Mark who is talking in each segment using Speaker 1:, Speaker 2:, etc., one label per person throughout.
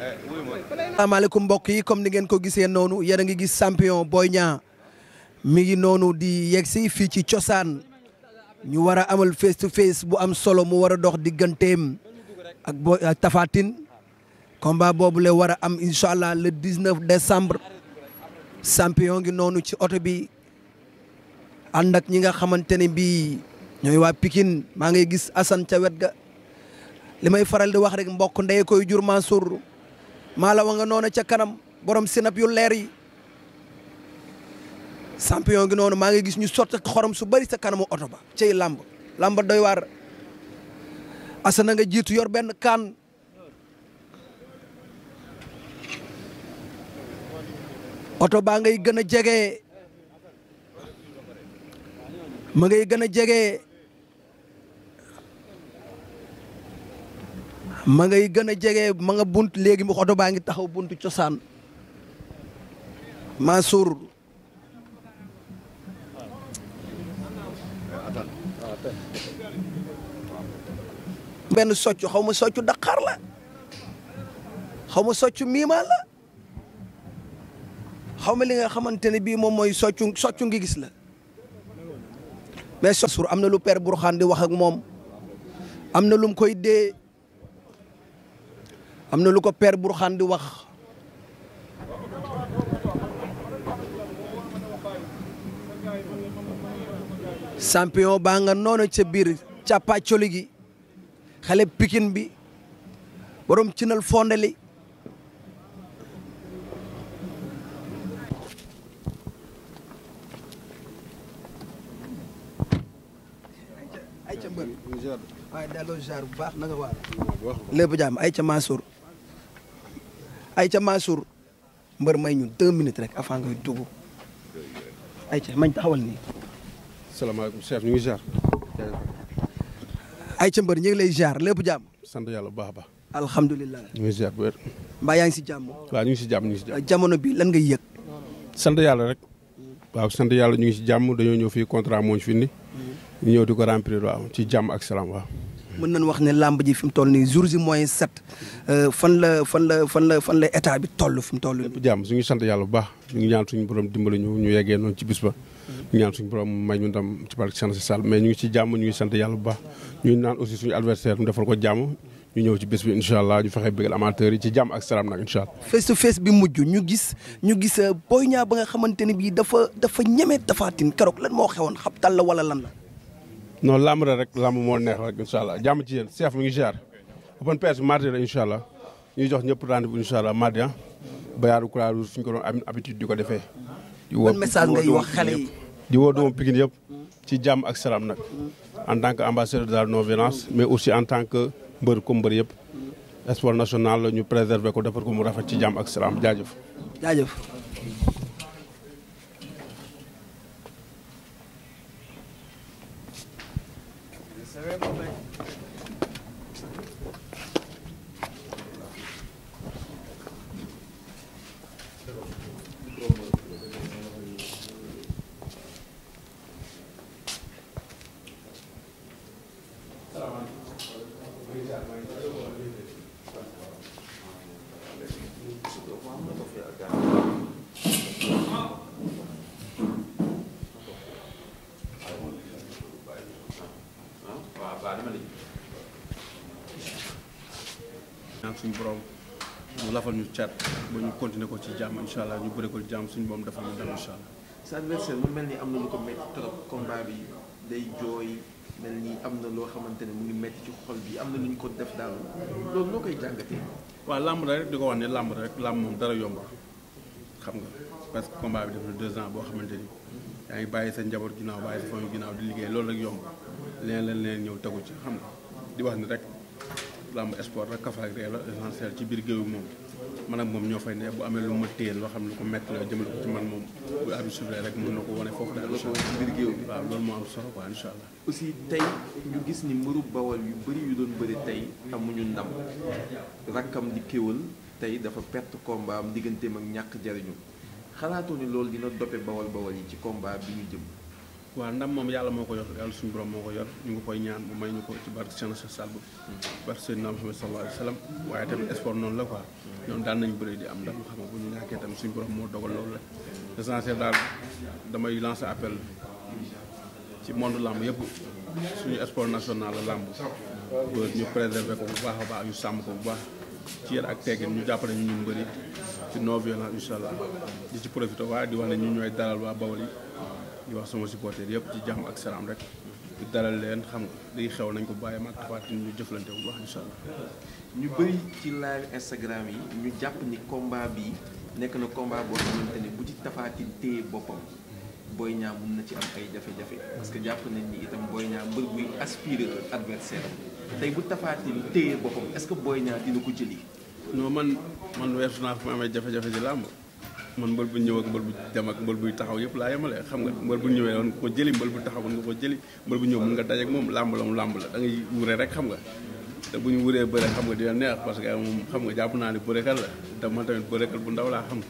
Speaker 1: asalaamaaleykum
Speaker 2: mbokk yi comme ni ngeen ko gisee noonu yéen a ngi gis champion booy ñaa mi ngi noonu di si fii ci cosaan ñu war a amal face to face bu am solo mu war a dox digganteem ak bo komba Tine combat boobu la war a am incha allah le 19 décembre champion ngi noonu ci oto bi ànd ak ñi nga xamante ne bii ñooy waa Pikine maa ngay gis Assane ca wet ga li faral di wax rek mbokk ndey koy jur Mansour maalawa nga noonu ca kanam borom sinap yu leer yi champion gi noonu maa ngi gis ñu sotti xorom su bari sa kanamu oto ba cay làmb làmb doy waar asana nanga jiitu yor benn kaan oto baa ngay gën a jege ma ngay gën a jege ma ngay gën a jege ma bunt léegi mu oto baa ngi taxaw buntu cosaan suur benn soccu xaw ma soccu daqaar la xaw ma soccu miimaa la xaw ma li nga xamante ne bii moom mooy soccu soccu ngi gis la mais Mansour am na lu père Bourkhane di wax ak moom am na lum koy dee am na lu ko père Bourkhane di wax champion baa nga noonu ca biir càppa gi xale pikin bi borom cinal fondeli ay ca mbër waaye delloo jaar bu baax na nga waar lépp ay ca Mansour ay ca Mansour mbër may ñu deux minutes rek avant ngay dugg ay ca mañ taxawal nii. salaamaaleykum chef ñu ngi jaar. ay ca mbër ñu ngi lay jaar lépp jàmm. sant yàlla bu baax a baax. alhamdulilah. ñu ngi jaar wér. yaa ngi si jàmm. waaw ñu ngi si jàmm ñu jamono bi lan ngay yëg. sant yàlla rek.
Speaker 1: waaw sant yàlla ñu ngi si jàmm dañoo ñëw fii contrat moo ñu fi indi. Mm. ñu ñëw di ko remplir waaw ci jàmm ak salaam waaw.
Speaker 2: mën nañ wax ne làmb ji fi mu toll nii jour ji mooy set euh, fan la fan la fan la fan la état bi toll fi mu toll nii.
Speaker 1: jàmm su ñu sant yàlla bu baax ñu ngi ñaan suñu borom dimbali ñu ñu yeggee noonu ci bis ba. ñu ñaan suñu borom may ñu ndam ci barke mais ñu ngi ci jàmm ñu sant yàlla bu baax. ñu naan aussi suñu adversaire mu defal ko jàmm ñu ñëw ci bés bi incha allah ñu fexe bëggal amateur yi ci jàmm ak salaam nag incha
Speaker 2: allah. face bi mujj ñu gis ñu gis euh, Boy ñaa ba nga xamante ne bii dafa dafa ñeme Tapha Tine keroog lan moo xewoon xabtal la wala lan la
Speaker 1: non làmb la rek moo neex rek incha allah jàmm ci yéen chef mi ngi ziar open press mardi la incha allah ñuy jox ñëpp rendez-vous incha allah mardi ah bayaaru Croix Rouge suñ ko doon am habitude di ko defee. di woo message ngay wax xale yi di woo yëpp ci jàmm ak salaam nag en tant que ambassadeur de la non violence mais aussi en tant que mbër comme mbër yëpp espoir national la ñu préserver ko defar ko mu rafet ci jàmm ak salaam jaajëf.
Speaker 2: jaajëf. very
Speaker 1: moment. Thank you. suñ borom mu lafal ñu cat ba ñu continuer ko ci jàmm incha allah ñu bëri ko ci jàmm suñu borom defal ñu dal incha allah. sa
Speaker 3: adversaire mu mel ni am na lu ko métti trop combat bi day jooy mel ni am na loo xamante
Speaker 1: ne mu ngi métti ci xool bi am na lu ñu ko def daal loolu noo koy jàngatee. waaw làmb la rek di ko wax ne làmb rek làmb moom dara yomb xam nga parce que combat bi def na boo xamante ni yaa ngi bàyyi sa njaboot ginnaaw bàyyi ginnaaw di liggéey loolu rek yomb leneen leen ñëw tegu ci xam nga di wax ni rek làmb sport rek kafaak ree la essentiel ci biir géew moom man ak moom ñoo fay ne bu amee lu ma téye loo xam ne lu ko métti la jëmale ko ci man moom bu abi rek mën na ko wane foofu daal ci biir géew bi waaw moo am solo quoi allah
Speaker 3: aussi tey ñu gis ni mbëru bawal yu bëri yu doon bëri tey amuñu ndam rakkam di kéwal tey dafa perte combat am digganteem ak ñàkk jariñu xalaatoo ne loolu dina doppe bawal bawal yi
Speaker 1: ci combat bi ñu jëm waaw ndam moom yàlla moo ko yor yàlla suñu borom moo ko yor ñu ngi koy ñaan bu may ñu ko ci barke Cheikh Sall bu barke Seydina Muhammad sallallahu alayhi wa sallam waaye tamit sport noonu la quoi ñoom daan nañ bëri di am ndam xam nga bu ñu ñàkkee tamit suñu borom moo dogal loolu la l'essentiel daal damay lancer appel ci monde làmb yëpp suñu sport national la làmb ñu préserver ko bu baax a baax ñu sàmm ko bu baax ci yar ak teggin ñu jàppale ñu ñu mbëri ci non violence incha allah di ci profité waaye di wax ne ñu ñooy dalal waa Bawol yi di wax sama supporter yëpp ci jàmm ak salaam rek di dalal leen xam nga liy xew nañ ko bàyyi ma Tapha ñu jëflante bu baax incha allah. ñu bëri ci live Instagram yi
Speaker 3: ñu jàpp ni combat bi nekk na combat boo xamante ne bu ci Tapha Tine téye boppam booy Niang mun na ci am ay jafe-jafe parce que jàpp nañ ni itam Boy Niang mbër buy aspiré
Speaker 1: adversaire am tey bu Tapha Tine téye boppam est-ce que booy ñaar dina ko jëli. non man man weesu naa fi mu amee jafe-jafe ci làmb man mbër bu ñëw ak mbër bu dem ak mbër buy taxaw yëpp laa yemale xam nga mbër bu ñëwee woon nga ko jëli mbër bu taxaw woon nga ko jëli mbër bu ñëw mën nga dajeek moom làmb la mu làmb la da rek xam nga te bu ñu wuree bëre xam nga dina neex parce que moom xam nga jàpp naa ne bërekat la te man tamit bërekat bu ndaw laa xam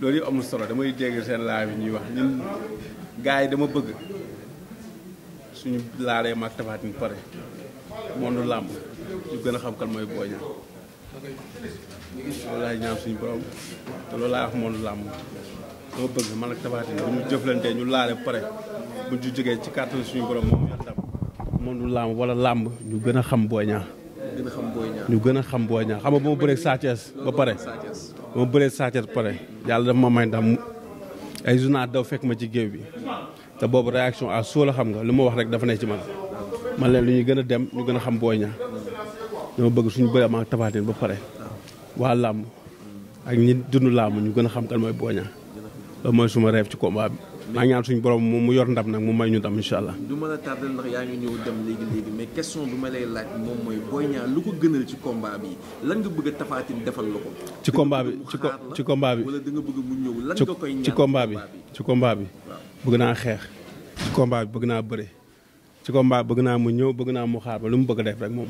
Speaker 1: loolu yëpp amul solo damay dégg seen laaj yi ñuy wax ñun gars yi dama bëgg suñu laaree maag tafaat ñu pare moom lu làmb ñu gën a xam kan mooy Boy Niang loolu laay ñaan suñu borom te loolu laay wax moom làmb dama bëgg man ak Tapha bu ñu jëflantee ñu laale pare bu ñu jógee ci kàttan suñu borom moom ñu ndam làmb wala làmb ñu gën a xam Boy Niang ñu gën a xam Boy xam nga ba ma bëree Sa ba pare ba ma bëree Sa Thiès ba pare yàlla dafa ma may ndam ay journal daw fekk ma ci géew bi te boobu réaction à soo la xam nga lu ma wax rek dafa ne ci man man leen lu ñuy gën a dem ñu gën a xam Boy Niang dama bëgg suñu bëri am ak ba pare waa làmb ak ñi dund làmb ñu gën a xam kan mooy Boy Niang loolu mooy suma rêve ci kombaa bi maa ñaan suñu borom mu yor ndam nag mu may ñu ndam insha allah
Speaker 3: du ma la tardel yaa ngi ñëw dem léegi léegi mais question bi ma lay moom mooy Boy lu ko gënal ci kombaa bi lan nga bëgg a Tapha defal la ko
Speaker 1: ci combat bi ci combat bi da bëgg
Speaker 3: mu ñëw lan nga koy ci combat
Speaker 1: bi ci combat bi bëgg naa xeex ci combat bi bëgg naa bëre ci combat bëgg naa mu ñëw bëgg naa mu xaar ba lu mu bëgg def rek moom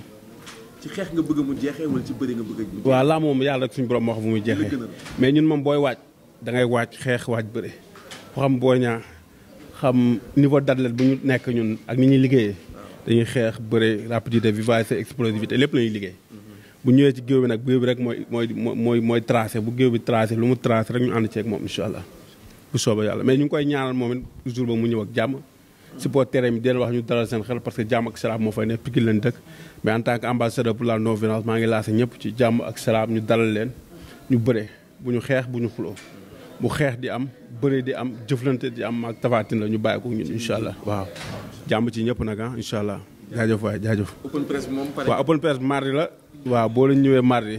Speaker 3: ci xeex nga bëgg mu jeexee wala ci bëri nga bëgg mu jeexee. waaw
Speaker 1: laa moom yàlla rek suñu borom moo xam muy jeexee. mais ñun moom booy waaj da ngay waaj xeex waaj bëri. foo xam boo ñaa xam niveau d'athlète bu ñu nekk ñun ak ni ñuy liggéeye dañuy xeex bëri rapidité vivacité explosivité lépp lañuy liggéey. Mm-hmm. bu ñëwee ci géew bi nag géew bi rek mooy mooy mooy mooy tracé bu géew bi tracé lu mu tracé rek ñu ànd ceeg moom incha allah bu soobee yàlla mais ñu ngi koy ñaanal moom mu ñëw ak jàmm supporter mi deen wax ñu dalal seen xel parce que jàmm ak salaam moo fay ne Pikine lañ dëkk mais en tant que pour la non maa ngi laase ñëpp ci jàmm ak salaam ñu dalal leen ñu bëre bu ñu xeex bu ñu xuloo bu xeex di am bëre di am jëflante di am ak tafaatin la ñu bàyyi ko ñun incha allah waaw jàmm ci ñëpp nag am ah, incha allah jaajëf waay jaajëf.
Speaker 3: open press moom
Speaker 1: open press mardi la. waaw boo leen ñëwee mardi.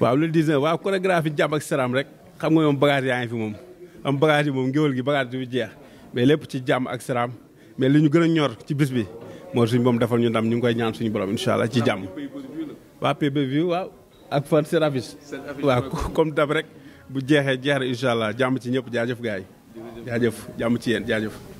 Speaker 1: waaw le 19 waaw chorégraphie jàmm ak salaam rek xam nga moom bagage yaa ngi fi moom am bagage yi moom ngéwél gi bagage du jeex mais lépp ci jàmm ak saraam mais li ñu gën a ñor ci bis bi moo suñu moom defal ñu ndam ñu ngi koy ñaan suñu borom incha allah ci jàmm. waa PPV waaw ak fan Serapis. waaw comme dab rek bu jeexee jeex na incha allah jàmm ci ñëpp jaajëf gars yi. jaajëf jàmm ci yéen jaajëf.